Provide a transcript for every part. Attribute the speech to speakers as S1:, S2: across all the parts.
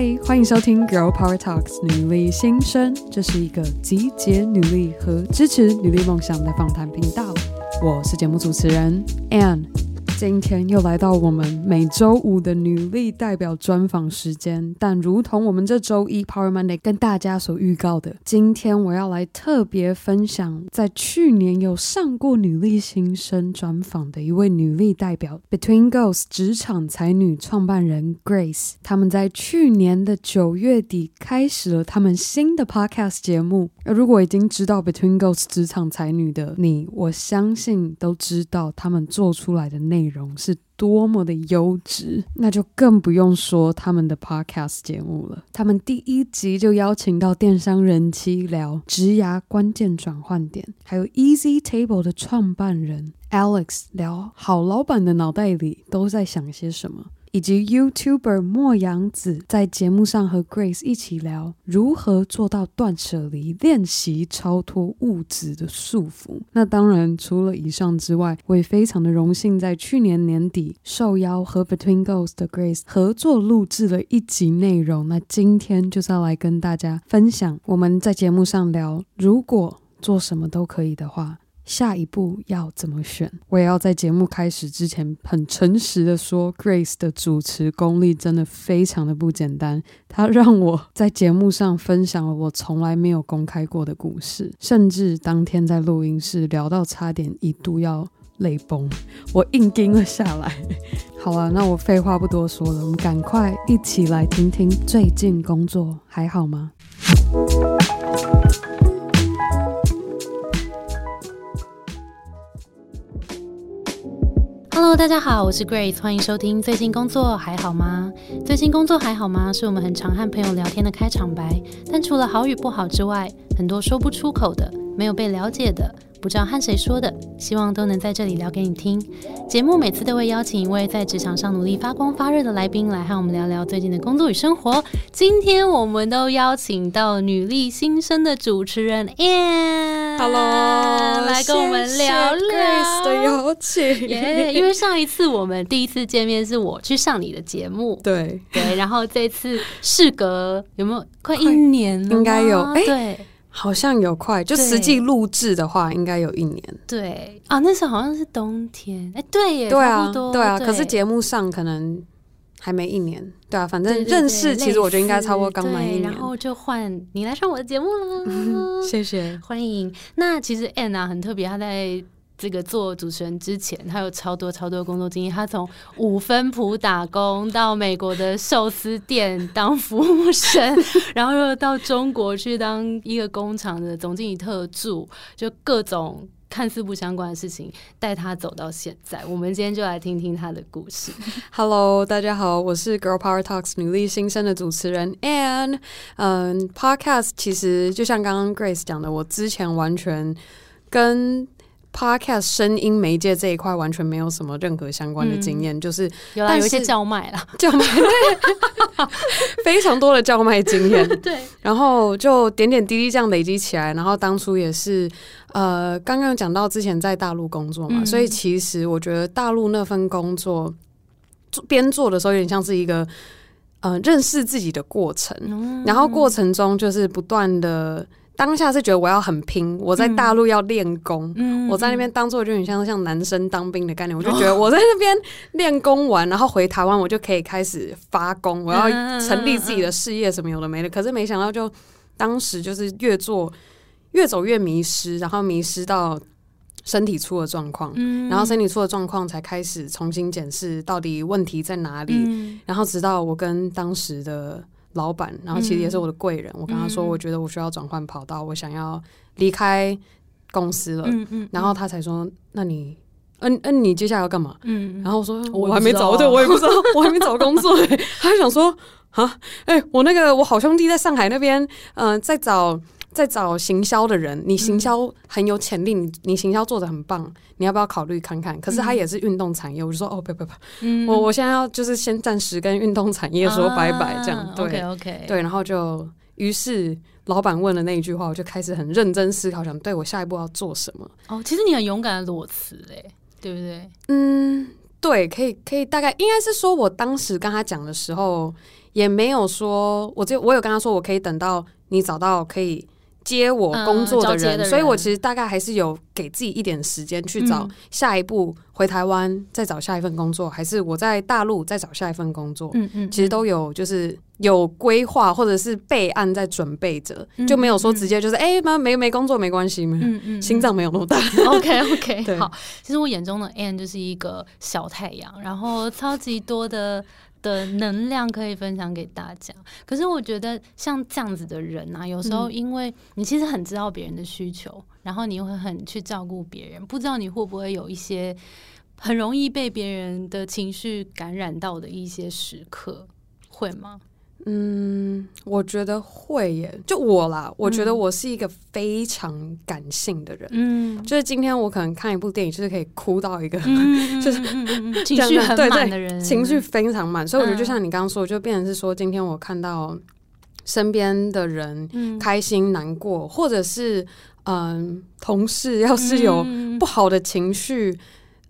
S1: 歡迎收聽《Girl Power Talks》女力心聲，這是一個集結女力和支持女力夢想的訪談頻道。我是節目主持人 Anne。今天又來到我們每周五的女力代表專訪時間，但如同我們這周一 Power Monday 跟大家所預告的，今天我要來特別分享在去年有上過女力心聲專訪的一位女力代表 BetweenGos 職場才女創辦人 Grace。他們在去年的九月底開始了他們新的 Podcast 節目。如果已經知道 BetweenGos 職場才女的你，我相信都知道他們做出來的內容。內容是多麼的優質，那就更不用說他們的 podcast 節目了。他們第一集就邀請到電商人妻聊職涯關鍵轉換點，還有 EZTABLE 的創辦人 Alex 聊好老板的腦袋裡都在想些什麼。以及 Youtuber 末羊子在節目上和 Grace 一起聊如何做到斷捨離，練習超脫物質的束縛。那當然，除了以上之外，我也非常的榮幸在去年年底受邀和 BetweenGos 的 Grace 合作錄製了一集內容。那今天就是要來跟大家分享我們在節目上聊，如果做什麼都可以的話，下一步要怎麼選？我也要在節目開始之前很誠實的說，Grace 的主持功力真的非常的不簡單。他讓我在節目上分享了我從來沒有公開過的故事，甚至當天在錄音室聊到差點一度要淚崩，我硬盯了下來。 好了，那我廢話不多說了，我們趕快一起來聽聽最近工作還好嗎？
S2: Hello，大家好，我是 Grace，歡迎收聽。最近工作還好嗎？最近工作還好嗎？是我們很常和朋友聊天的開場白。但除了好與不好之外，很多說不出口的，沒有被了解的，不知道和誰說的，希望都能在這裡聊給你聽。節目每次都會邀請一位在職場上努力發光發熱的來賓來和我們聊聊最近的工作與生活。今天我們都邀請到女力心聲的主持人 Ian！Hello，來跟我們聊聊，謝謝 Grace 的邀請，因為上一次我們第一次見面是我去上你的節目，對對，然後這次事隔有沒有快一年了？應該有，哎，
S1: 對好像有快，就實際錄製的話，對應該有一年，
S2: 對啊，那時候好像是冬天，哎，對，耶。對啊，對啊，對啊，對可是節
S1: 目上可能。還沒一年，對啊，反正認識其實我覺得應該超過剛滿一年對對
S2: 對，然後就換你來上我的節目了。嗯，謝謝，歡迎。那其實 Anna 很特別，她在這個做主持人之前，她有超多超多的工作經驗，她從五分埔打工到美國的壽司店當服務生， 然後又到中國去當一個工廠的總經理特助，就各種。看似不相關的事情帶他走到現在。我們今天就來聽聽他的故事。Hello，大家
S1: 好，我是 Girl Power Talks 女力新生的主持人 Anne 嗯，Podcast 其實就像剛剛 Grace 講的，我之前完全跟 Podcast 聲音媒介這一塊完全沒有什麼任何相關的經驗，嗯、就是,有,啦是有一些叫
S2: 賣啦，叫賣對，
S1: 非常多的叫賣經驗。 對，然後就點點滴滴這樣累積起來，然後當初也是。呃，剛剛講到之前在大陸工作嘛，嗯、所以其實我覺得大陸那份工作做邊做的時候，有點像是一個呃認識自己的過程。嗯、然後過程中就是不斷的當下是覺得我要很拼，我在大陸要練功，嗯、我在那邊當做就有點像是像男生當兵的概念，我就覺得我在那邊練功完，然後回台灣我就可以開始發功，我要成立自己的事業什麼有的沒的。嗯嗯嗯嗯，可是沒想到就當時就是越做。越走越迷失，然後迷失到身體出了狀況，嗯、然後身體出了狀況才開始重新檢視到底問題在哪裡。嗯、然後直到我跟當時的老闆，然後其實也是我的貴人，嗯、我跟他說，我覺得我需要轉換跑道，嗯、我想要離開公司了。嗯嗯嗯、然後他才說：“那你，嗯、呃、嗯、呃，你接下來要幹嘛？”嗯，然後我說：“我，我還沒找，對，我也不知道， 我還沒找工作、欸。”他就想說：“啊，哎、欸，我那個我好兄弟在上海那邊，嗯、呃，在找。”在找行銷的人，你行銷很有潛力，你你行銷做的很棒，你要不要考慮看看？可是他也是運動產業，我就說哦，不不不，嗯，我我現在要就是先暫時跟運動產業說拜拜，這樣、啊、對，OK OK，對，然後就於是老板問了那一句話，我就開始很認真思考，想對我下一步要做什麼。
S2: 哦，其實你很勇敢的裸辭嘞、欸，對不對？嗯，
S1: 對，可以可以，大概應該是說我當時跟他講的時候，也沒有說，我只我有跟他說，我可以等到你找到可以。接我工作的人，所以我其實大概還是有給自己一點時間去找下一步，回台灣再找下一份工作，還是我在大陸再找下一份工作，嗯嗯，其實都有，就是有規劃或者是備案在準備着，就沒有說直接就是哎媽沒沒工作沒關係嘛，嗯嗯，心臟沒有那麼大，OK OK，好，
S2: 其實我眼中的 Ann 就是一個小太陽，然後超級多的的能量可以分享給大家。可是我覺得像這樣子的人啊，有時候因為你其實很知道別人的需求，然後你又會很去照顧別人，不知道你會不會有一些很容易被別人的情緒感染到的一些時刻，會嗎？
S1: 嗯，我覺得會耶。就我啦，嗯、我覺得我是一個非常感性的人。嗯，就是今天我可能看一部電影，就是可以哭到一個、嗯、 就是情緒真的 情緒很滿的人，對對對，情緒非常滿。所以我覺得，就像你剛剛說，就變成是說，今天我看到身邊的人開心、難過，嗯、或者是嗯，同事要是有不好的情緒，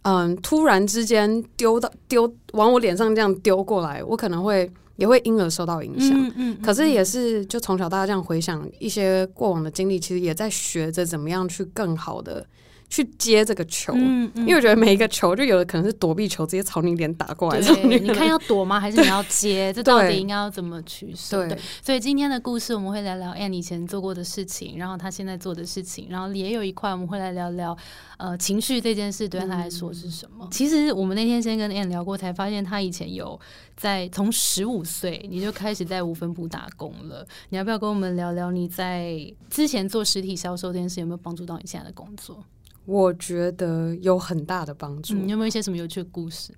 S1: 嗯、嗯，突然之間丟到丟往我臉上這樣丟過來，我可能會。也會因而受到影響，嗯嗯嗯嗯嗯，可是也是就從小到大這樣回想一些過往的經歷，其實也在學着怎麼樣去更好的。去接這個球，嗯嗯、因為我覺得每一個球，就有的可能是躲避球，直接朝你臉打過來。對你看要
S2: 躲嗎？還是你要接？對這到底應該要怎麼取捨？對，對，對。所以今天的故事，我們會來聊 Anne 以前做過的事情，然後他現在做的事情，然後也有一塊我們會來聊聊呃情緒這件事，對他來說是什麼？嗯、其實我們那天先跟 Anne 聊過，才發現他以前有在從十五歲你就開始在五分埔打工了。你要不要跟我們聊聊你在之前做實體銷售這件事有沒有幫助到你現在的工作？
S1: 我覺得有很大的幫助、嗯。你有沒有一些什麼有趣的故事？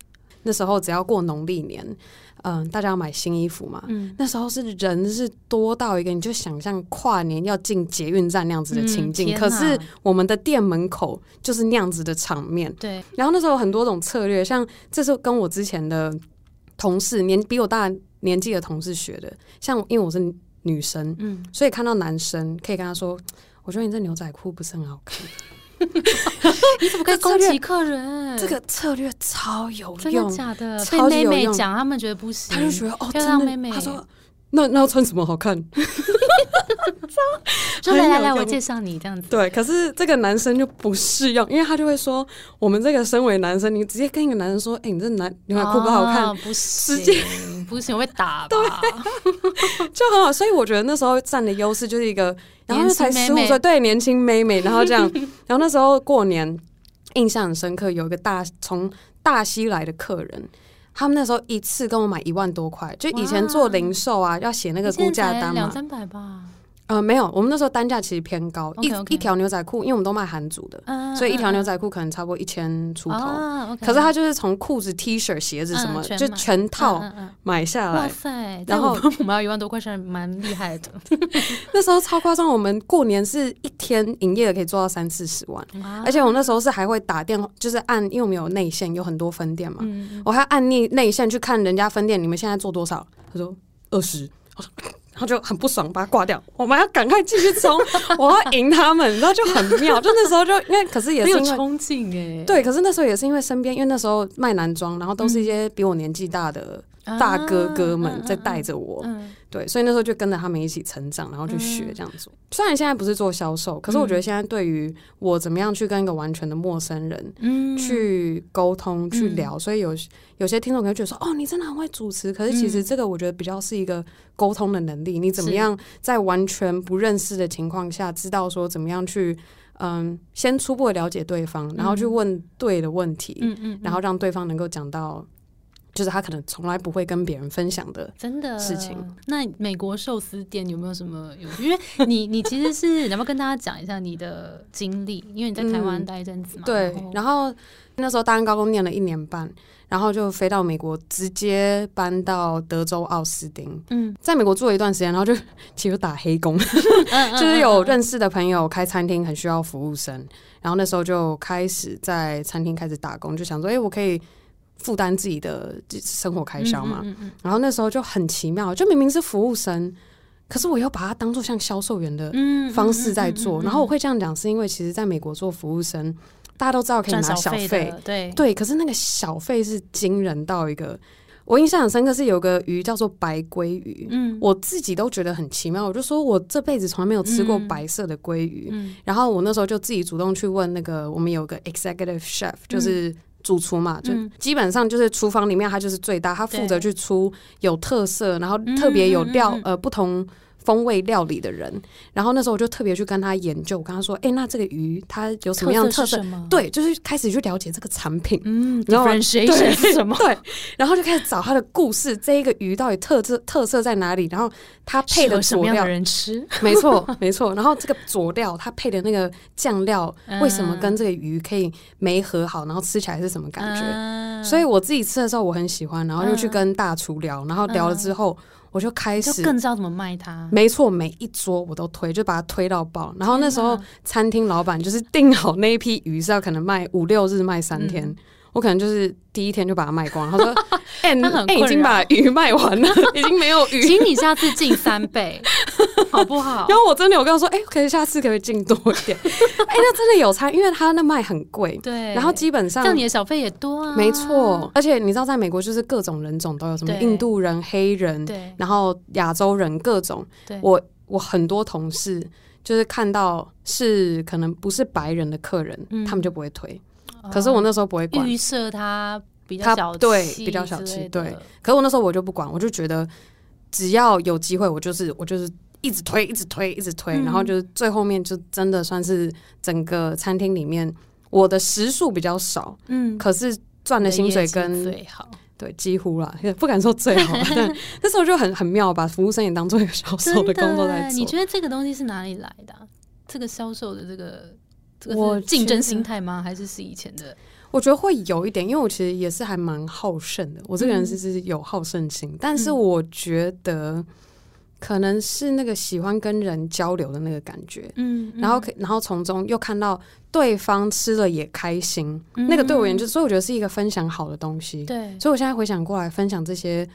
S1: 那時候只要過農曆年，嗯、呃，大家要買新衣服嘛。嗯、那時候是人是多到一個，你就想象跨年要進捷運站那樣子的情景。嗯、可是我們的店門口就是那樣子的場面。對。然後那時候很多種策略，像這是跟我之前的同事年比我大年紀的同事學的。像因為我是女生，嗯，所以看到男生可以跟他說：“我覺得你這牛仔褲不是很好看。”
S2: 你怎麼可以攻擊客人這？這個策略超有用，真的假的，對妹妹講，他們覺得不行，他就覺得哦，真的，他說。
S1: 那那要穿什麼好看？ 超來來來，好我,我介紹你這樣子。對，可是這個男生就不適用，因為他就會說：我們這個身為男生，你直接跟一個男生說，欸、你這男，你這褲不好看，
S2: 不行、啊，不行，接不行我會打吧。對，
S1: 就很好。所以我覺得那時候占的優勢就是一個，
S2: 然後又才十五歲，輕妹妹
S1: 對，年輕妹妹。然後這樣，然後那時候過年，印象很深刻，有一個大從大溪來的客人。他們那時候一次跟我買一萬多塊，就以前做零售啊，哇要寫那個估價單嘛。現在兩三百吧呃，沒有，我們那時候單價其實偏高，okay, okay. 一一條牛仔褲，因為我們都賣韓族的，uh, 所以一條牛仔褲可能超過一千出頭。Uh, okay. 可是他就是從褲子、T 恤、shirt, 鞋子什麼，uh, 全就全套買下來。Uh, uh, uh.
S2: 哇塞！然後我們要一萬多塊錢，蠻厲害的。
S1: 那時候超誇張，我們過年是一天營業的可以做到三四十萬，uh. 而且我們那時候是還會打電話，就是按，因為我們有內線，有很多分店嘛，嗯。我還按內內線去看人家分店，你們現在做多少？他說二十。他就很不爽，把他掛掉。我們要趕快繼續衝，我要贏他們。然後 就很妙，就那時候就因為，可是也是因為，可是也有衝勁哎。對，可是那時候也是因為身邊，因為那時候賣男裝，然後都是一些比我年紀大的。嗯嗯大哥哥們在帶着我，對，所以那時候就跟着他們一起成長，然後去學這樣子。雖然現在不是做銷售，可是我覺得現在對於我怎麼樣去跟一個完全的陌生人，去溝通、去聊，所以有有些聽眾可能覺得說：“哦，你真的很會主持。”可是其實這個我覺得比較是一個溝通的能力，你怎麼樣在完全不認識的情況下，知道說怎麼樣去，嗯，先初步的了解對方，然後去問對的問題，然後讓對方能夠講到。就是他可能從來不會跟別人分
S2: 享的事情，真的事情。那美國壽司店有沒有什麼？有趣，因為你你其實是要 不要跟大家講一下你的經歷？因為你在台灣待一陣子嘛、嗯。對，
S1: 然後那時候大三、高中念了一年半，然後就飛到美國，直接搬到德州奧斯丁。嗯，在美國住了一段時間，然後就其實打黑工， 就是有認識的朋友開餐廳，很需要服務生，然後那時候就開始在餐廳開始打工，就想說，哎、欸，我可以負擔自己的生活開銷嘛，然後那時候就很奇妙，就明明是服務生，可是我又把它當做像銷售員的方式在做。然後我會這樣講，是因為其實在美國做服務生，大家都知道可以拿小費，對，可是那個小費是驚人到一個，我印象很深刻是有個魚叫做白鮭魚，嗯，我自己都覺得很奇妙。我就說我這輩子從來沒有吃過白色的鮭魚，然後我那時候就自己主動去問那個我們有個 executive chef 就是。主廚嘛，就基本上就是廚房裡面，他就是最大，他負責去出有特色，然後特別有料，呃，不同風味料理的人，然後那時候我就特別去跟他研究，我跟他說：“哎、欸，那這個魚它有什麼樣的特色？對，就是開始去了解這個產品，嗯，然後誰 differentiation 對，是什麼？對，然後就開始找他的故事，這一個魚到底特色特色在哪裡？然後它配的佐料適合什麼樣的人吃，沒錯沒錯。然後這個佐料它配的那個醬料 為什麼跟這個魚可以沒和好？然後吃起來是什麼感覺？嗯、所以我自己吃的時候我很喜歡，然後就去跟大廚聊，然後聊了之後。嗯”我就開始，就更
S2: 知道怎麼賣它。
S1: 沒錯，每一桌我都推，就把它推到爆。然後那時候餐廳老闆就是訂好那一批魚是要可能賣五六日，賣三天。嗯我可能就是第一天就把它賣光。他說：“哎、欸，那很、欸、已經把魚賣完了，已經
S2: 沒有魚。請你下次進三倍， 好不
S1: 好？”然後我真的有跟他說：“哎、欸，可以下次可不可以進多一點。欸”哎，那真的有差，因為他那賣很貴。對，然後基本上像你的小費也
S2: 多啊，沒錯。
S1: 而且你知道，在美國就是各種人種都有，什麼印度人、黑人，對，然後亞洲人各種。對，我我很多同事就是看到是可能不是白人的客人，嗯、他們就不會推。
S2: 可是我那時候不會管，預設它，比較小氣，比較小氣。對，
S1: 可是我那時候我就不管，我就覺得只要有機會，我就是我就是一直推，一直推，一直推，然後就是最後面就真的算是整個餐廳裡面我的時數比較少，嗯，可是賺的薪水跟最好對幾乎了，也不敢說最好，但那時候但是就很很妙，把服務生也當做一個銷售的工作在做。你覺
S2: 得這個東西是哪裡來的、啊？這個銷售的這個。
S1: 我競爭心
S2: 態嗎？還是是以前的？
S1: 我覺得會有一點，因為我其實也是還蠻好勝的。我這個人是是有好勝心，嗯、但是我覺得可能是那個喜歡跟人交流的那個感覺，嗯，然後可、嗯、然後從中又看到對方吃了也開心，嗯、那個對我而言，所以我覺得是一個分享好的東西。對，所以我現在回想過來分享這些，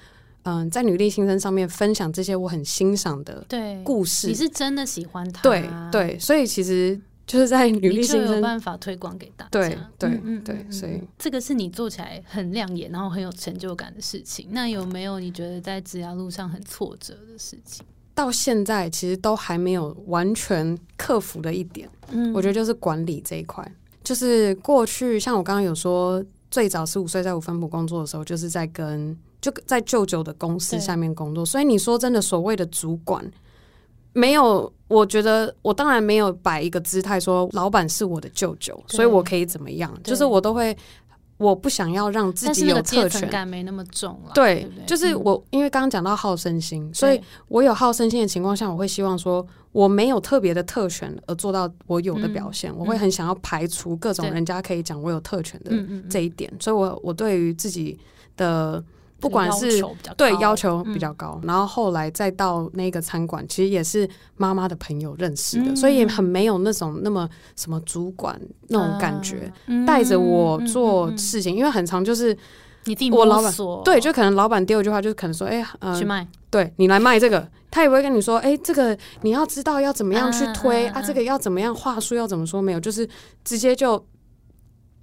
S1: 嗯、呃，在女力心聲上面分享這些我很欣賞的
S2: 故事，對，你是真的喜歡他，對
S1: 對，所以其實。就是在履歷上有辦法推廣給大家，對對嗯嗯嗯嗯對，所以
S2: 這個是你做起來很亮眼，然後很有成就感的事情。那有沒有你覺得在職涯路上很挫折的事情？
S1: 到現在其實都還沒有完全克服的一點，嗯，我覺得就是管理這一塊。就是過去像我剛剛有說，最早十五歲在五分埔工作的時候，就是在跟就在舅舅的公司下面工作。對所以你說真的，所謂的主管。沒有，我覺得我當然沒有擺一個姿態說老闆是我的舅舅，對所以我可以怎麼樣？對就是我都會，我不想要讓自己有特權，但是那個階層感
S2: 沒那麼重啦。對，
S1: 對對就是我、嗯、因為剛剛講到好勝心，所以我有好勝心的情況下，我會希望說我沒有特別的特權而做到我有的表現，嗯、我會很想要排除各種人家可以講我有特權的這一點，所以我我對於自己的。不管是對要求比較高，然後後來再到那個餐館，其實也是媽媽的朋友認識的，所以也很沒有那種那麼什麼主管那種感覺，帶着我做事情，因為很常就是我老板對，就可能老板第二句話就是可能說，哎呃，去賣，對你來賣這個，他也不會跟你說，哎，這個你要知道要怎麼樣去推啊，這個要怎麼樣話術要怎麼說，沒有，就是直接就。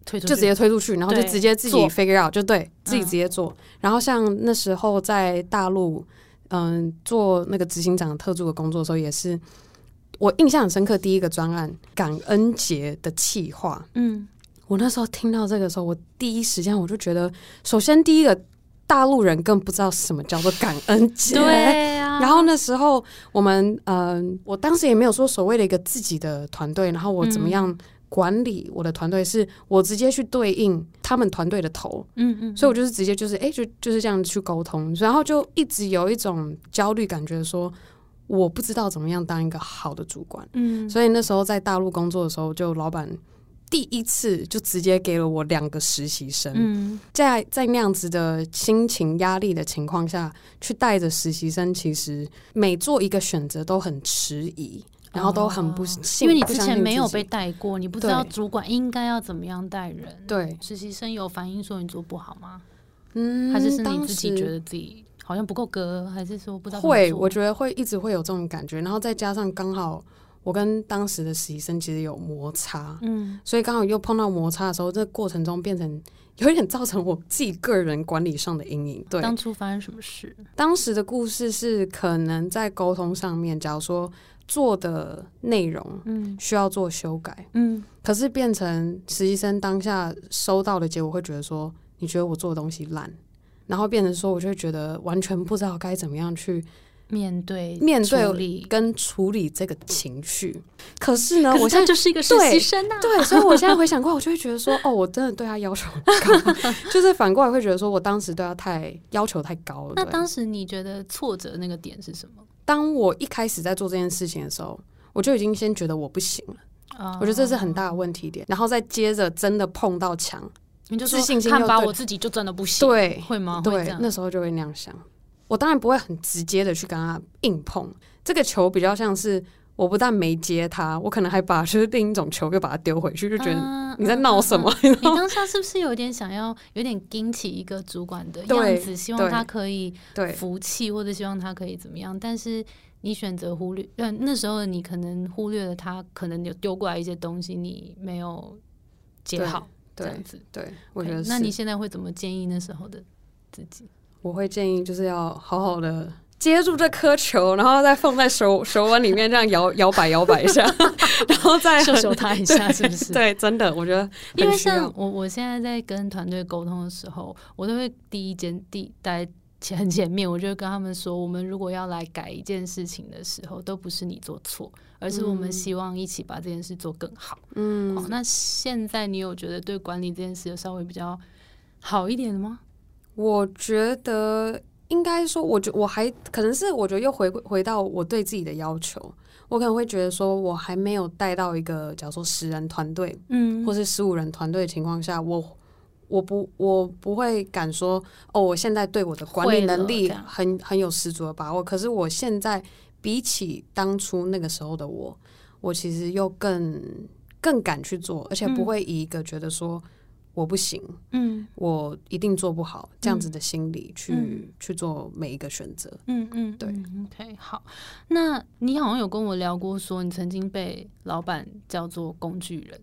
S1: 推就直接推出去，然後就直接自己 figure out，對，就對自己直接做。嗯、然後像那時候在大陸，嗯，做那個執行長特助的工作的時候，也是我印象很深刻。第一個專案感恩節的企劃，嗯，我那時候聽到這個時候，我第一時間我就覺得，首先第一個大陸人更不知道什麼叫做感恩節， 對呀、啊、然後那時候我們，嗯，我當時也沒有說所謂的一個自己的團隊，然後我怎麼樣、嗯。管理我的團隊是我直接去對應他們團隊的頭，嗯，嗯嗯，所以我就是直接就是哎、欸、就就是這樣去溝通，然後就一直有一種焦慮感覺說，說我不知道怎麼樣當一個好的主管，嗯，所以那時候在大陸工作的時候，就老板第一次就直接給了我兩個實習生，嗯、在在那樣子的心情壓力的情況下去帶着實習生，其實每做一個選擇都很遲疑。然後都很不幸，哦，因為你之前沒有被
S2: 帶過，自己，你不知道主管應該要怎麼樣帶人。對，實習生有反映說你做不好嗎？
S1: 嗯，還是，是你自己覺得
S2: 自己好像不夠格，還是說不知道？會，我
S1: 覺得會一直會有這種感覺。然後再加上剛好我跟當時的實習生其實有摩擦，嗯，所以剛好又碰到摩擦的時候，這過程中變成有一點造成我自己個人管理上的陰影。對，當
S2: 初發生什麼事？
S1: 當時的故事是可能在溝通上面，假如說。做的內容，嗯，需要做修改，嗯，嗯，可是變成實習生當下收到的結果，會覺得說，你覺得我做的東西爛，然後變成說，我就會覺得完全不知道該怎麼樣去
S2: 面對面對
S1: 跟處理這個情緒。
S2: 可是呢，我現在就是一個實習生。啊對，對，所以我現在回
S1: 想過來，我就會覺得說，哦，我真的對他要求很高， 就是反過來會覺得說我當時對他太要求太高了。那當
S2: 時你覺得挫折那個點是什麼？
S1: 當我一開始在做這件事情的時候，我就已經先覺得我不行了，oh. 我覺得這是很大的問題點，然後再接着真的碰到牆，
S2: 你就說，自信心看吧，我自己就真的不行，對，
S1: 會嗎？對，會，那時候就會那樣想。我當然不會很直接的去跟他硬碰，這個球比較像是。我不但沒接他，我可能還把就是另一種球又把它丟回去，啊、就覺得你在鬧什麼？嗯嗯嗯？你當
S2: 下是不是有點想要有點撐起一個主管的樣子，對希望他可以服氣，對或者希望他可以怎麼樣？對但是你選擇忽略，那時候你可能忽略了他，可能有丟過來一些東西，你沒有
S1: 接好對這樣子。對，
S2: 對 okay, 我覺得是，那你現在會怎麼建議那時候的自己？
S1: 我會建議就是要好好的。接住這顆球，然後再放在手手腕裡面，這樣搖 搖擺搖擺一下，然後再秀他一下，是不是？對，對，真的，我覺得，因為像
S2: 我，我現在在跟團隊溝通的時候，我都會第一間第一待前前面，我就會跟他們說，我們如果要來改一件事情的時候，都不是你做錯，而是我們希望一起把這件事做更好。嗯、哦，那現在你有覺得對管理這件事有稍微比較好一點的嗎？我覺得。應該說，
S1: 我覺我還可能是我覺得又回回到我對自己的要求，我可能會覺得說，我還沒有帶到一個叫做十人團隊，嗯，或是十五人團隊的情況下，我我不我不會敢說哦，我現在對我的管理能力很很，很有十足的把握。可是我現在比起當初那個時候的我，我其實又更更敢去做，而且不會以一個覺得說。嗯我不行，
S2: 嗯，
S1: 我一定做不好這樣子的心理去、嗯、去做每一個
S2: 選擇、嗯，嗯對嗯，對，OK，好，那你好像有跟我聊過，說你曾經被老闆叫做工具人，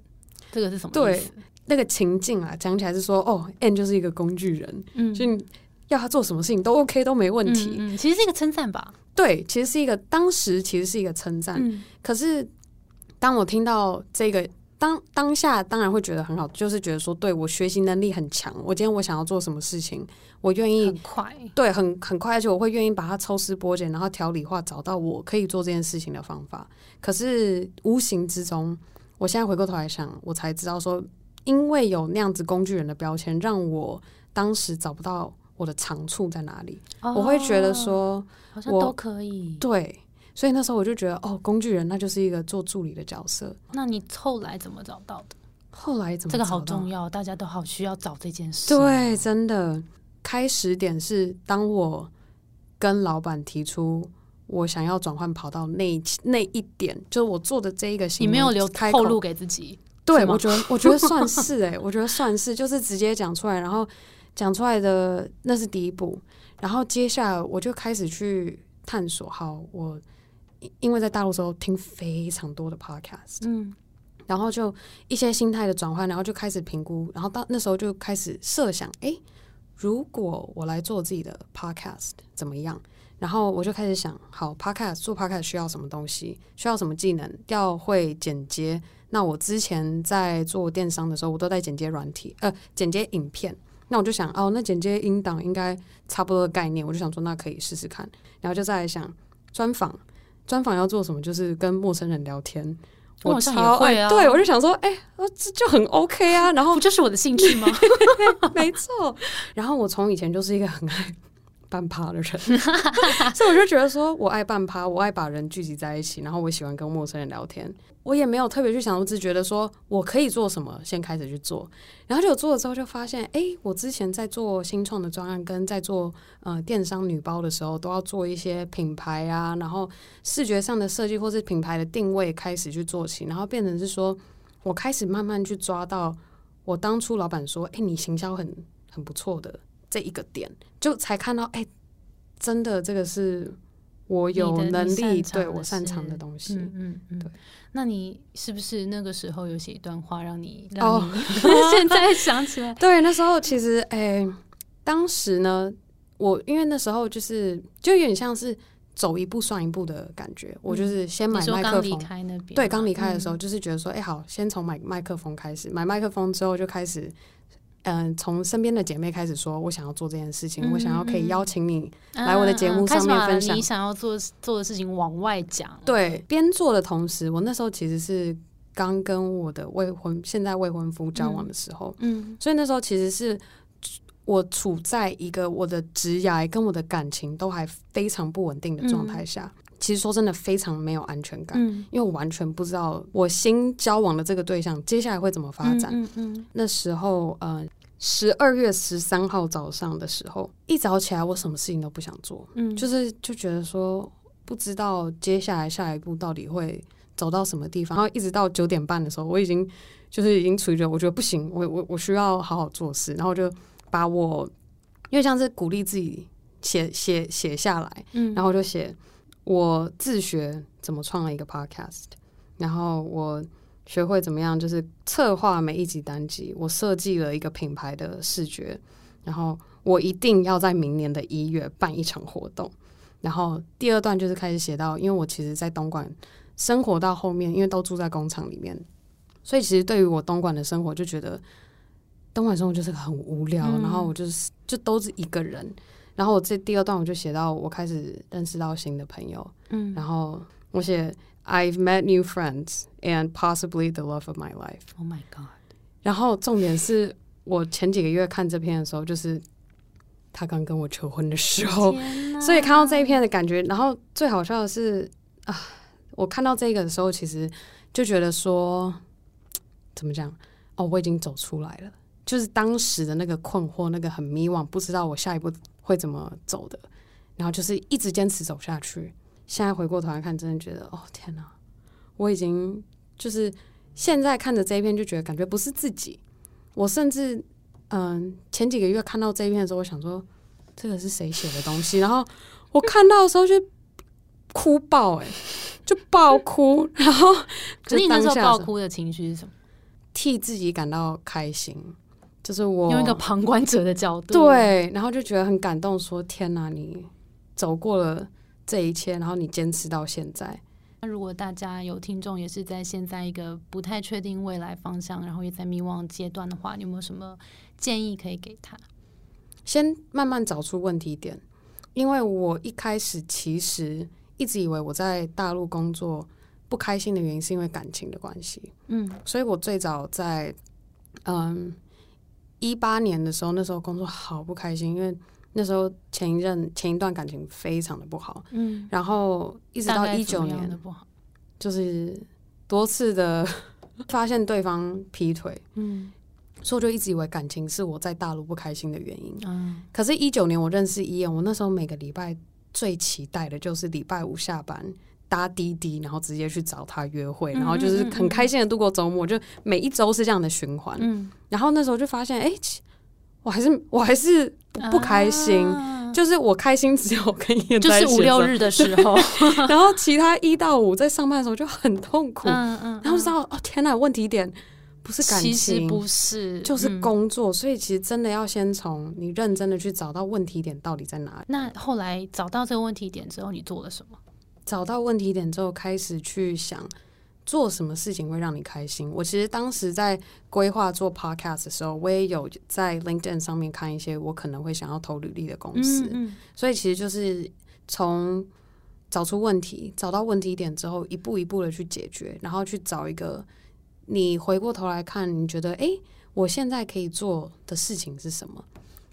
S1: 這個是什麼意思？對，那個情境啊，講起來是說，哦 M 就是一個工具人，嗯，就要他做什麼事情都 OK，都沒問題，嗯嗯、
S2: 其實是一個稱讚
S1: 吧？對，其實是一個，當時其實是一個稱讚，嗯、可是當我聽到這個。當當下當然會覺得很好，就是覺得說，對我學習能力很強。我今天我想要做什麼事情，我願意很快，對，很很快，而且我會願意把它抽絲剝繭，然後條理化，找到我可以做這件事情的方法。可是無形之中，我現在回過頭來想，我才知道說，因為有那樣子工具人的標籤，讓我當時找不到我的長處在哪裡。Oh, 我會覺得說，
S2: 我都可以，
S1: 對。所以那時候我就覺得，哦，工具人那就是一個做助理的角色。
S2: 那你後來怎麼找到的？
S1: 後來怎麼找到？這個好重
S2: 要，大家都好需要找這件事。
S1: 對，真的。開始點是當我跟老闆提出我想要轉換跑道那那一點，就是我做的這一個行，你沒有留太多的後路給自己？對，嗎我覺得我覺得算是哎、欸， 我覺得算是，就是直接講出來，然後講出來的那是第一步。然後接下來我就開始去探索好，好我。因為，在大陸時候聽非常多的 podcast，嗯，然後就一些心態的轉換，然後就開始評估，然後到那時候就開始設想，誒，如果我來做自己的 podcast 怎麼樣？然後我就開始想，好，podcast 做 podcast 需要什麼東西？需要什麼技能？要會剪接。那我之前在做電商的時候，我都在剪接軟體，呃，剪接影片。那我就想，哦，那剪接音檔應該差不多的概念。我就想說，那可以試試看。然後就再來想專訪。專訪要做什麼？就是跟陌生人聊天，我超愛。啊，對，我就想說，欸，這就很 OK 啊。然後這是我的興趣嗎？ 沒錯。然後我從以前就是一個很愛。半趴的人， 所以我就覺得說，我愛辦趴，我愛把人聚集在一起，然後我喜歡跟陌生人聊天。我也沒有特別去想，我只覺得說我可以做什麼，先開始去做。然後就做了之後，就發現，哎、欸，我之前在做新創的專案，跟在做呃電商女包的時候，都要做一些品牌啊，然後視覺上的設計，或是品牌的定位，開始去做起，然後變成是說，我開始慢慢去抓到，我當初老闆說，哎、欸，你行銷很很不錯的。這一個點，就才看到，哎、欸，真的，這個是我有能力對我擅長的東西，嗯嗯嗯。嗯對，
S2: 那你是不是那個時候有寫一段話讓你？讓你哦， 現
S1: 在想起來， 對，那時候其實，哎、欸，當時呢，我因為那時候就是就有點像是走一步算一步的感覺，嗯、我就是先買麥克風，對，剛離開的時候就是覺得說，哎、嗯欸，好，先從買麥克風開始，買麥克風之後就開始。嗯，從、呃、身邊的姐妹開始說，我想要做這件事情，嗯、我想要可以邀請你來我的節目上面分享。嗯嗯、你
S2: 想要做做的事情往外講，
S1: 對，邊做的同時，我那時候其實是剛跟我的未婚，現在未婚夫交往的時候，嗯，嗯所以那時候其實是我處在一個我的職涯跟我的感情都還非常不穩定的狀態下。嗯其實說真的，非常沒有安全感，嗯、因為我完全不知道我新交往的這個對象接下來會怎麼發展。嗯嗯嗯、那時候，呃，十二月十三號早上的時候，一早起來我什麼事情都不想做，嗯、就是就覺得說不知道接下來下一步到底會走到什麼地方。然後一直到九點半的時候，我已經就是已經處於覺得我覺得不行，我我我需要好好做事。然後就把我因為像是鼓勵自己寫寫寫下來，然後就寫。嗯嗯我自學怎麼創了一個 podcast，然後我學會怎麼樣就是策劃每一集單集，我設計了一個品牌的視覺，然後我一定要在明年的一月辦一場活動，然後第二段就是開始寫到，因為我其實，在東莞生活到後面，因為都住在工廠裡面，所以其實對於我東莞的生活，就覺得東莞生活就是很無聊，嗯、然後我就是就都是一個人。然後我這第二段我就寫到我開始認識到新的朋友，嗯，然後我寫 I've met new friends and possibly the love of my life. Oh
S2: my god！
S1: 然後重點是我前幾個月看這篇的時候，就是他剛跟我求婚的時候，天哪，所以看到這一篇的感覺。然後最好笑的是啊，我看到這個的時候，其實就覺得說，怎麼講？哦，我已經走出來了，就是當時的那個困惑，那個很迷惘，不知道我下一步。會怎麼走的？然後就是一直堅持走下去。現在回過頭來看，真的覺得，哦，天哪、啊，我已經就是現在看着這一篇，就覺得感覺不是自己。我甚至嗯、呃，前幾個月看到這一篇的時候，我想說這個是誰寫的東西？然後我看到的時候就哭爆、欸，哎，就爆哭。 然後，可是你那時候爆哭
S2: 的情緒是什麼？
S1: 替自己感到開心。就是我用一個旁觀者的角度，對，然後就覺得很感動說，說天哪，啊，你走過了這一切，然後你堅持到現在。
S2: 那如果大家有聽眾也是在現在一個不太確定未來方向，然後也在迷惘階段的話，你有沒有什麼建議可以給他？
S1: 先慢慢找出問題點，因為我一開始其實一直以為我在大陸工作不開心的原因是因為感情的關係，嗯，所以我最早在嗯。一八年的時候，那時候工作好不開心，因為那時候前一任前一段感情非常的不好，嗯，然後一直到一九年就是多次的發現對方劈腿，嗯，所以我就一直以為感情是我在大陸不開心的原因，嗯，可是，一九年我認識伊安，我那時候每個禮拜最期待的就是禮拜五下班。搭滴滴，然後直接去找他約會，然後就是很開心的度過周末，嗯嗯嗯就每一周是這樣的循環。嗯、然後那時候就發現，哎、欸，我還是我還是不,不開心，啊、就是我開心只有可以
S2: 就是五六日的時
S1: 候，然後其他一到五在上班的時候就很痛苦。嗯嗯嗯然後就知道哦，天哪，問題點不是感情，其實不是就是工作，嗯、所以其實真的要先從你認真的去找到問題點到底在哪裡。那後來找到這個問題點之後，你做了什麼？找到問題點之後，開始去想做什麼事情會讓你開心。我其實當時在規劃做 podcast 的時候，我也有在 LinkedIn 上面看一些我可能會想要投履歷的公司，嗯嗯。所以其實就是從找出問題、找到問題點之後，一步一步的去解決，然後去找一個你回過頭來看，你覺得哎、欸，我現在可以做的事情是什麼？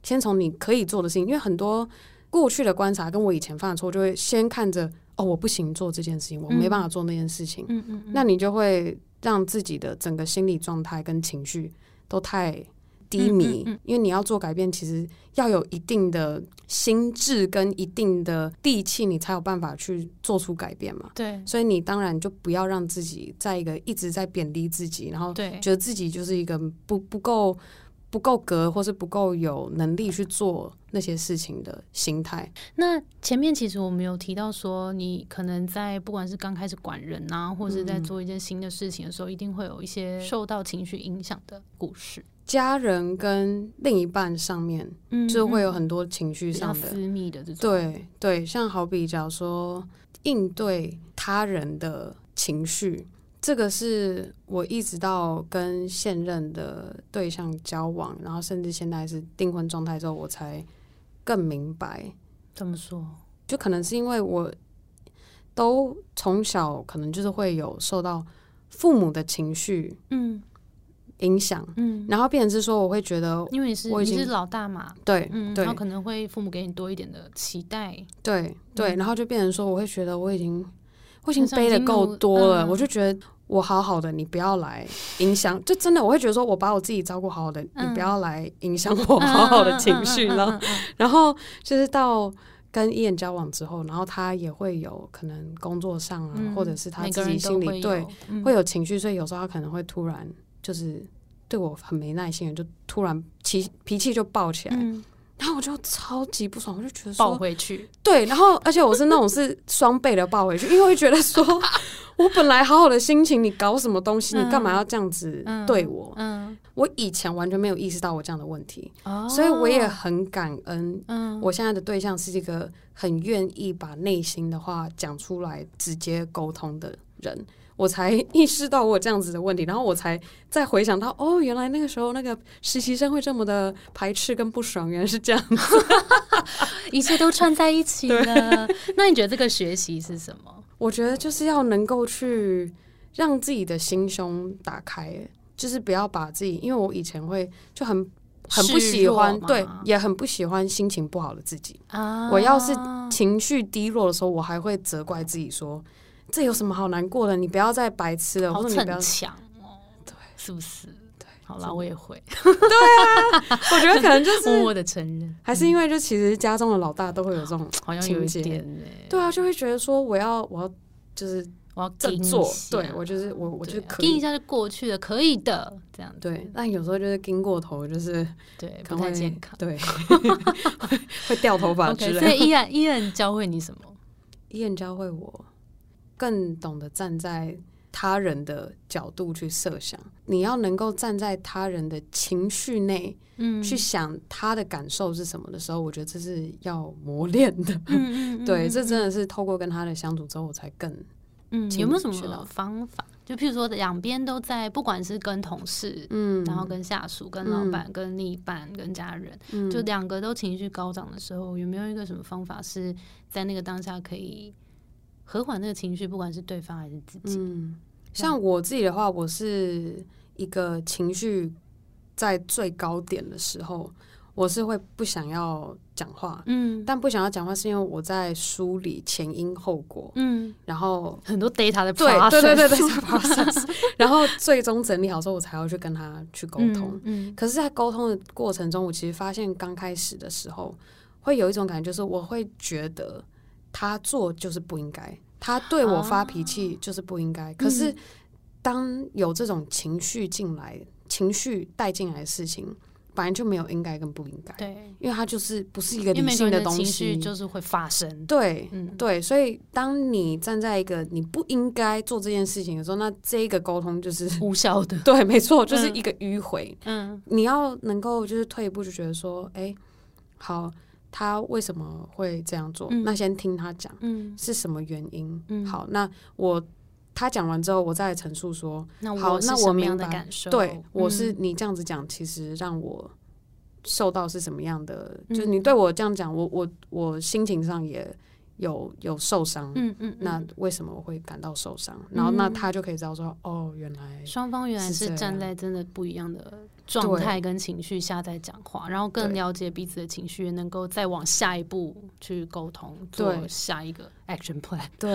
S1: 先從你可以做的事情，因為很多過去的觀察跟我以前犯的錯，就會先看着。哦，我不行做這件事情，我沒辦法做那件事情。嗯嗯嗯嗯，那你就會讓自己的整個心理狀態跟情緒都太低迷，嗯嗯嗯，因為你要做改變，其實要有一定的心智跟一定的底氣，你才有辦法去做出改變嘛。對，所以你當然就不要讓自己在一個一直在貶低自己，然後對，覺得自己就是一個不不夠不夠格，或是不夠有能力去做。這些事情的心態。
S2: 那前面其實我們有提到說，你可能在不管是剛開始管人啊，或者是在做一件新的事情的時候，嗯、一定會有一些受到情緒影響的故事。家人跟另一半上面，嗯、就會有很多
S1: 情緒上的比較私密的這種。對對，像好比假如說應對他人的情緒，這個是我一直到跟現任的對象交往，然後甚至現在是訂婚狀態之後，我才。更明白怎麼說？就可能是因為我都從小可能就是會有受到父母的情緒
S2: 嗯影響嗯，嗯然
S1: 後變成是說我會覺得我已經，因為你是，你是老大嘛，對，嗯、對然後可
S2: 能會父母給你多一點的期待，對
S1: 對，對嗯、然後就變成說我會覺得我已經。
S2: 我已經背得夠多了，我
S1: 就覺得我好好的，你不要來影響，就真的，我會覺得說我把我自己照顧好好的，你不要來影響我好好的情緒了。然後就是到跟藝人交往之後，然後他也會有可能工作上啊，或者是他自己心裡對會有情緒，所以有時候他可能會突然就是對我很沒耐心，就突然脾脾氣就爆起來，嗯。然後我就超級不爽，我就覺得說抱回去，對，然後而且我是那種是雙倍的抱回去， 因為我覺得說， 我本來好好的心情，你搞什麼東西，你幹嘛要這樣子對我？嗯，嗯，我以前完全沒有意識到我這樣的問題，哦，所以我也很感恩。嗯，我現在的對象是一個很願意把內心的話講出來、直接溝通的人。我才意識到我有這樣子的問題，然後我才再回想到，哦，原來那個時候那個實習生會這麼的排斥跟不爽，原來是這樣， 一切都串在一起了。對，那你覺得這個學習是什麼？我覺得就是要能夠去讓自己的心胸打開，就是不要把自己，因為我以前會就很很不喜歡，對，也很不喜歡心情不好的自己。啊、
S2: 我要是
S1: 情緒低落的時候，我還會責怪自己說。這有什麼好難過的？你不要再白痴了！好逞
S2: 強哦，對，是不是？對，好啦，我也會。對
S1: 啊，我覺得可能就是默默的承認，還是因為就其實家中的老大都會有這種糾結。對啊，就會覺得說我要，我要，就是我要振作。對我就是我，我就扛一
S2: 下就過去了，可以的。這樣
S1: 對，但有時候就是扛過頭，就是對不太健康，對，會掉頭髮之類。所以依
S2: 然依然教會
S1: 你什麼？依然教會我，更懂得站在他人的角度去設想，你要能夠站在他人的情緒內，嗯，去想他的感受是什麼的時候，我覺得這是要磨練的。
S2: 對，這真的
S1: 是透過跟他的相處之後，我才更
S2: 嗯。嗯嗯嗯。有沒有什麼方法？就譬如說，兩邊都在，不管是跟同事，嗯，然後跟下屬、跟老闆、嗯、跟另一半、跟家人，嗯、就兩個都情緒高漲的時候，有沒有一個什麼方法是在那個當下可以？和緩那個情緒，不管是對方還是自己。嗯，像
S1: 我自己的話，我是一個情緒在最高點的時候，我是會不想要講話。嗯，但不想要講話是因為我在梳理前因後果。嗯，然後很多 data 的 process，對對對對 process， 然後最終整理好之後，我才要去跟他去溝通嗯。嗯，可是在溝通的過程中，我其實發現剛開始的時候，會有一種感覺，就是我會覺得。他做就是不應該，他對我發脾氣就是不應該。啊、可是，當有這種情緒進來，嗯、情緒帶進來的事情，本來就沒有應該跟不應該，對，
S2: 因為他就是不是一個理性的東西，情緒就是會發生。
S1: 對，嗯、對，所以當你站在一個你不應該做這件事情的時候，那這個溝通就是無效的。對，沒錯，就是一個迂迴。嗯，嗯，你要能夠就是退一步，就覺得說，哎、欸，好。他為什麼會這樣做？那先聽他講，是什麼原因？好，那我他講完之後，我再來陳述說，那好，那我什麼樣的感受？對，我是你這樣子講，其實讓我受到是什麼樣的？就是你對我這樣講，我我我心情上也有有受傷。嗯嗯，那為什麼我會感到受傷？然後那他就可以知道說，哦，原來雙方原來是站在
S2: 真的不一樣的狀態跟情緒下再講話，對然後更了解彼此的情緒，能夠再往下一步去溝通，對做下一個 action plan。對，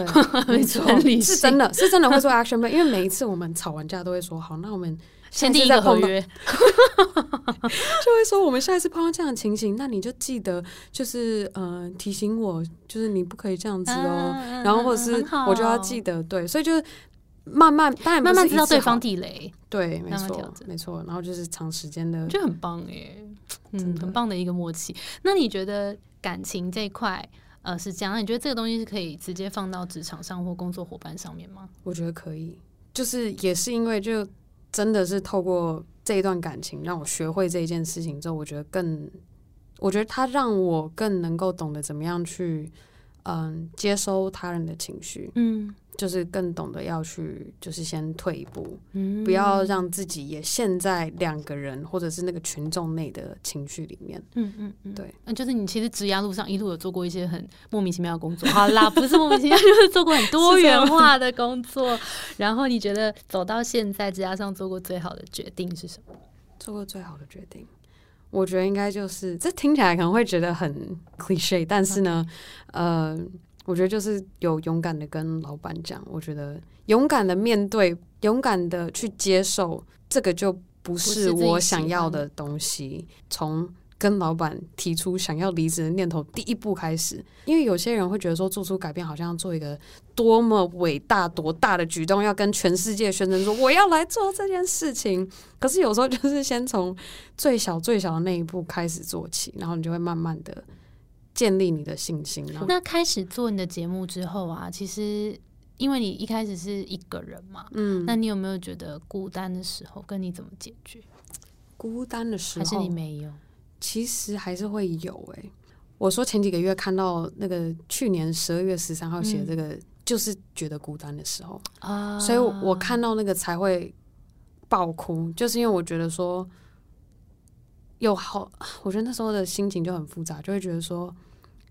S2: 沒錯， 性是真的，是真的會做
S1: action plan。 因為每一次我們吵完架都會說，好，那我們先訂一,一個合約， 就會說我們下一次碰到這樣的情形，那你就記得，就是呃提醒我，就是你不可以這樣子哦，嗯、然後或者是我就要記得，嗯、對，所以就是。慢慢，慢慢知道對方地
S2: 雷，對，沒錯，沒錯。然後就是長時間的，就很棒哎，嘖嗯，的很棒的一個默契。那你覺得感情這塊，呃，是這樣？你覺得這個東西是可以直接放到職場上或工作夥伴上面嗎？
S1: 我覺得可以，就是也是因為就真的是透過這一段感情，讓我學會這一件事情之後，我覺得更，我覺得他讓我更能夠懂得怎麼樣去，嗯，接收他人的情緒，嗯。就是更懂得要去，就是先退一步，嗯、不要讓自己也陷在兩個人或者是那個群眾內的情緒裡面。嗯嗯
S2: 對。那、嗯、就是你其實職涯路上一路有做過一些很莫名其妙的工作，好啦，不是莫名其妙， 就是做過很多元化的工作。然後你覺得走到現在，職涯上做過最好的決定是什麼？做過最好的決定，
S1: 我覺得應該就是，這聽起來可能會覺得很 cliché，但是呢，嗯、啊。呃我覺得就是有勇敢的跟老闆講，我覺得勇敢的面對，勇敢的去接受這個就不是我想要的東西。從跟老闆提出想要離職的念頭第一步開始，因為有些人會覺得說做出改變好像要做一個多麼偉大多大的舉動，要跟全世界宣稱說我要來做這件事情。可是有時候就是先從最小最小的那一步開始做起，然後你就會慢慢的。建立你的信心。那
S2: 開始做你的節目之後啊，其實因為你一開始是一個人嘛，嗯，那你有沒有覺得孤單的時候，跟你怎麼解決？孤單
S1: 的時候還是你沒有？其實還是會有哎、欸。我說前幾個月看到那個去年十二月十三號寫的這個，嗯、就是覺得孤單的時候啊，所以我看到那個才會爆哭，就是因為我覺得說。有好，我覺得那時候的心情就很複雜，就會覺得說，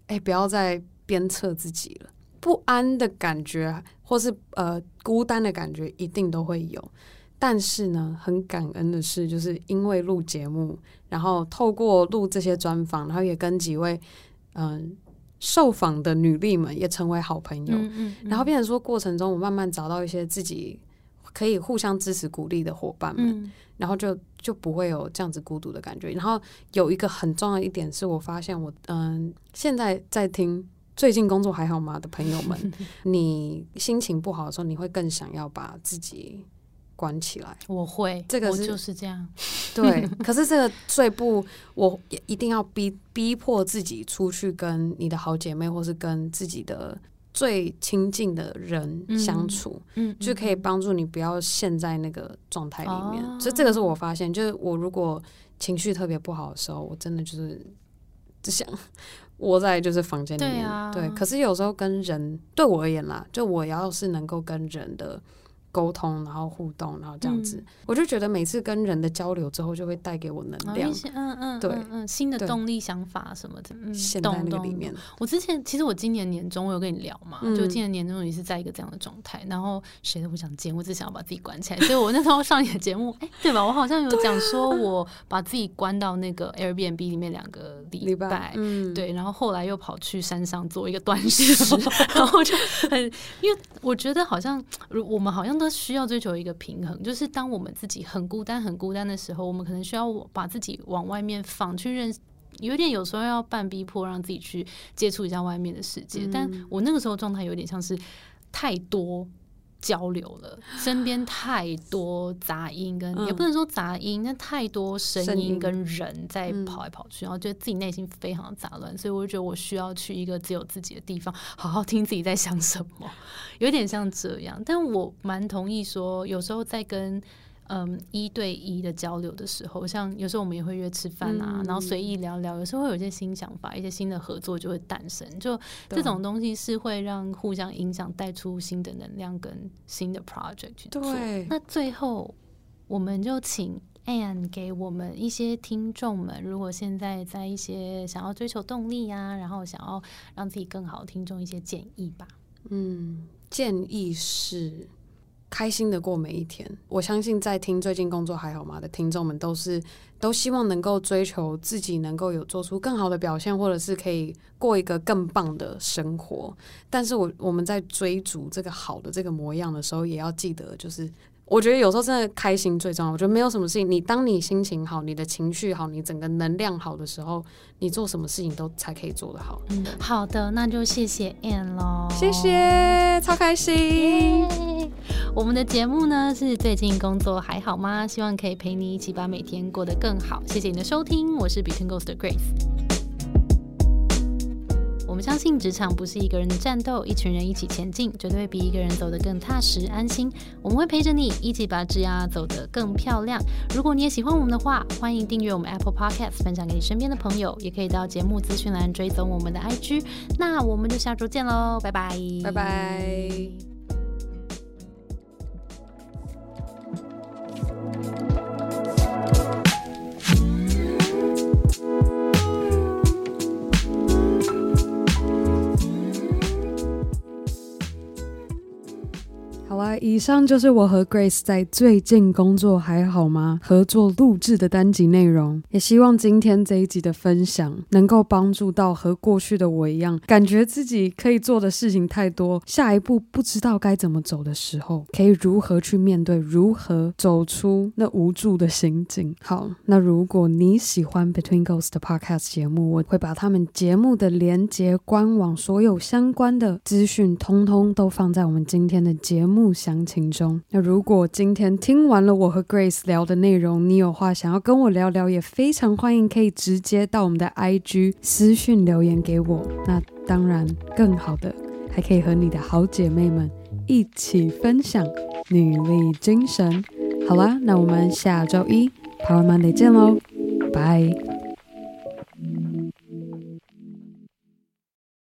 S1: 哎、欸，不要再鞭策自己了。不安的感覺，或是呃孤單的感覺，一定都會有。但是呢，很感恩的是，就是因為錄節目，然後透過錄這些專訪，然後也跟幾位嗯、呃、受訪的女力們也成為好朋友。嗯嗯嗯。然後，變成說過程中，我慢慢找到一些自己可以互相支持鼓勵的夥伴們。嗯然後就就不會有這樣子孤獨的感覺。然後有一個很重要的一點是我發現我嗯、呃，現在在聽最近工作還好嗎的朋友們， 你心情不好的時候，你會更想要把自己關起來。我會，這個是，我就是
S2: 這樣。 對，可是
S1: 這個最不，我也一定要逼逼迫自己出去，跟你的好姐妹，或是跟自己的。最親近的人相處，嗯，就可以幫助你不要陷在那個狀態裡面。哦、所以這個是我發現，就是我如果情緒特別不好的時候，我真的就是就想窩在就是房間裡面。對，啊、對，可是有時候跟人，對我而言啦，就我要是能夠跟人的。溝通，然後互動，然後這樣子，嗯、我就覺得每次跟人的交流之後，就會帶給我能量，嗯嗯，
S2: 對嗯嗯，嗯，新的動力、想法什麼的，都在那個裡面。嗯、我之前其實我今年年終我有跟你聊嘛，嗯、就今年年終也是在一個這樣的狀態，嗯、然後誰都不想見，我只想要把自己關起來。所以我那時候上你的節目，哎、 欸，對吧？我好像有講說我把自己關到那個 Airbnb 裡面兩個禮拜，禮拜嗯、對，然後後來又跑去山上做一個斷食， 然後就很，因為我覺得好像我們好像。都需要追求一個平衡，就是當我們自己很孤單、很孤單的時候，我們可能需要把自己往外面放，去認識，有點有時候要半逼迫讓自己去接觸一下外面的世界。但我那個時候狀態有點像是太多。交流了，身邊太多雜音跟，跟、嗯、也不能說雜音，但太多聲音跟人在跑來跑去，嗯、然後覺得自己內心非常的雜亂，所以我就覺得我需要去一個只有自己的地方，好好聽自己在想什麼，有點像這樣。但我蠻同意說，有時候在跟。嗯，一對一的交流的時候，像有時候我們也會約吃飯啊，嗯、然後隨意聊聊，有時候會有些新想法，一些新的合作就會誕生。就這種東西是會讓互相影響，帶出新的能量跟新的 project 去做。對，那最後，我們就請 Anne 給我們一些聽眾們，如果現在在一些想要追求動力啊，然後想要讓自己更好，聽眾一些建議吧。嗯，
S1: 建議是。開心的過每一天。我相信在聽最近工作還好嗎？的聽眾們，都是都希望能夠追求自己能夠有做出更好的表現，或者是可以過一個更棒的生活。但是我我們在追逐這個好的這個模樣的時候，也要記得就是。我覺得有時候真的開心最重要。我覺得沒有什麼事情，你當你心情好，你的情緒好，你整個能量好的時候，你做什麼事情都才可以做得好。
S2: 嗯，好的，那就謝謝 Anne 咯，謝謝，超開心。Yeah. 我們的節目呢是最近工作還好嗎？希望可以陪你一起把每天過得更好。謝謝你的收聽，我是 BetweenGos 的 Grace。我相信職場不是一個人的戰鬥，一群人一起前進，絕對會比一個人走得更踏實、安心。我們會陪着你，一起把職涯走得更漂亮。如果你也喜歡我們的話，歡迎訂閱我們 Apple Podcast，分享給你身邊的朋友，也可以到節目資訊欄追蹤我們的 IG。那我們就下周見嘍，拜拜，拜拜。
S1: 以上就是我和 Grace 在最近工作還好嗎？合作錄製的單集內容，也希望今天這一集的分享能夠幫助到和過去的我一樣，感覺自己可以做的事情太多，下一步不知道該怎麼走的時候，可以如何去面對，如何走出那無助的心境。好，那如果你喜歡 BetweenGos 的 Podcast 節目，我會把他們節目的連接、官網所有相關的資訊，通通都放在我們今天的節目詳情。情中，那如果今天聽完了我和 Grace 聊的內容，你有話想要跟我聊聊，也非常歡迎，可以直接到我們的 IG 私訊留言給我。那當然，更好的還可以和你的好姐妹們一起分享女力精神。好啦，那我們下周一 Power Monday 見嘍，拜。